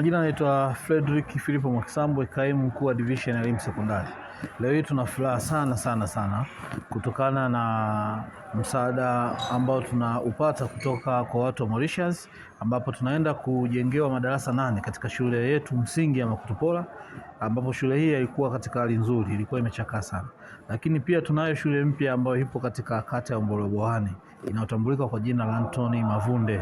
Majina anaitwa Frederick philip Mwakisambwe, kaimu mkuu wa division ya elimu sekondari. Leo hii tuna furaha sana sana sana kutokana na msaada ambao tunaupata kutoka kwa watu wa Mauritius, ambapo tunaenda kujengewa madarasa nane katika shule yetu msingi ya Makutupora, ambapo shule hii ilikuwa katika hali nzuri, ilikuwa imechakaa sana, lakini pia tunayo shule mpya ambayo ipo katika kata ya Mboroboani inayotambulika kwa jina la Antoni Mavunde.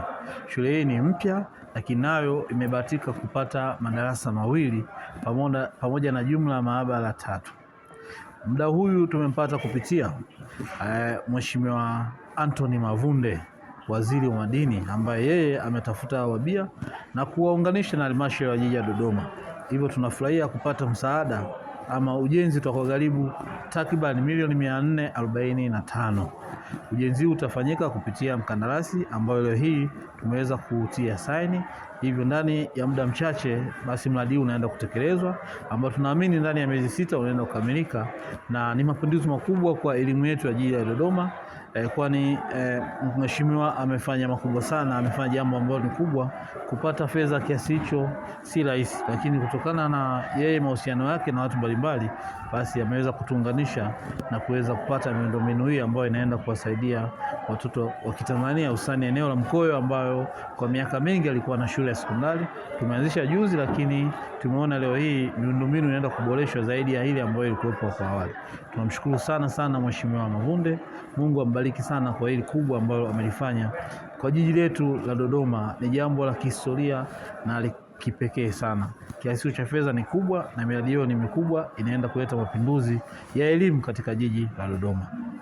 Shule hii ni mpya lakini nayo imebahatika kupata madarasa mawili pamoja, pamoja na jumla ya maabara tatu. Mda huyu tumempata kupitia e, Mheshimiwa Anthony Mavunde waziri wa madini ambaye yeye ametafuta wabia na kuwaunganisha na halmashauri ya jiji ya Dodoma. Hivyo tunafurahia kupata msaada ama ujenzi utakuwa karibu takriban milioni mia nne arobaini na tano. Ujenzi huu utafanyika kupitia mkandarasi ambayo leo hii tumeweza kutia saini, hivyo ndani ya muda mchache basi mradi huu unaenda kutekelezwa, ambao tunaamini ndani ya miezi sita unaenda kukamilika, na ni mapinduzi makubwa kwa elimu yetu ya jiji la Dodoma eh, kwani eh, mheshimiwa amefanya makubwa sana, amefanya jambo ambalo ni kubwa. Kupata fedha kiasi hicho si rahisi, lakini kutokana na yeye mahusiano yake na watu mbalimbali, basi ameweza kutuunganisha na kuweza kupata miundombinu hii ambayo inaenda kuwasaidia watoto wa Kitanzania, hususani eneo la Mkoyo ambayo kwa miaka mingi alikuwa na shule ya sekondari. Tumeanzisha juzi, lakini tumeona leo hii miundombinu inaenda kuboreshwa zaidi ya ile ambayo ilikuwepo kwa awali. Tunamshukuru sana sana mheshimiwa Mavunde, Mungu ambariki kubariki sana kwa hili kubwa ambalo amelifanya kwa jiji letu la Dodoma. Ni jambo la kihistoria na kipekee sana. Kiasi cha fedha ni kubwa na miradi hiyo ni mikubwa, inaenda kuleta mapinduzi ya elimu katika jiji la Dodoma.